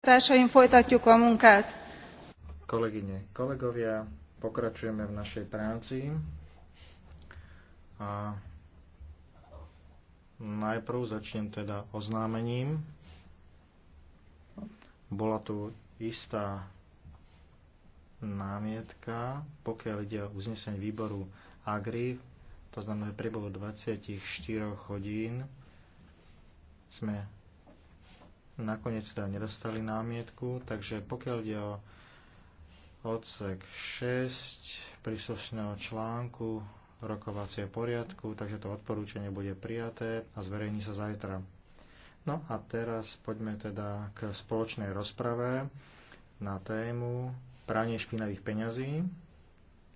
Kolegyne, kolegovia, pokračujeme v našej práci. A najprv začnem teda oznámením. Bola tu istá námietka, pokiaľ ide o uznesenie výboru AGRI, to znamená, že pribolo 24 hodín sme Nakoniec teda nedostali námietku, takže pokiaľ ide o odsek 6 príslušného článku rokovacieho poriadku, takže to odporúčanie bude prijaté a zverejní sa zajtra. No a teraz poďme teda k spoločnej rozprave na tému pranie špinavých peňazí.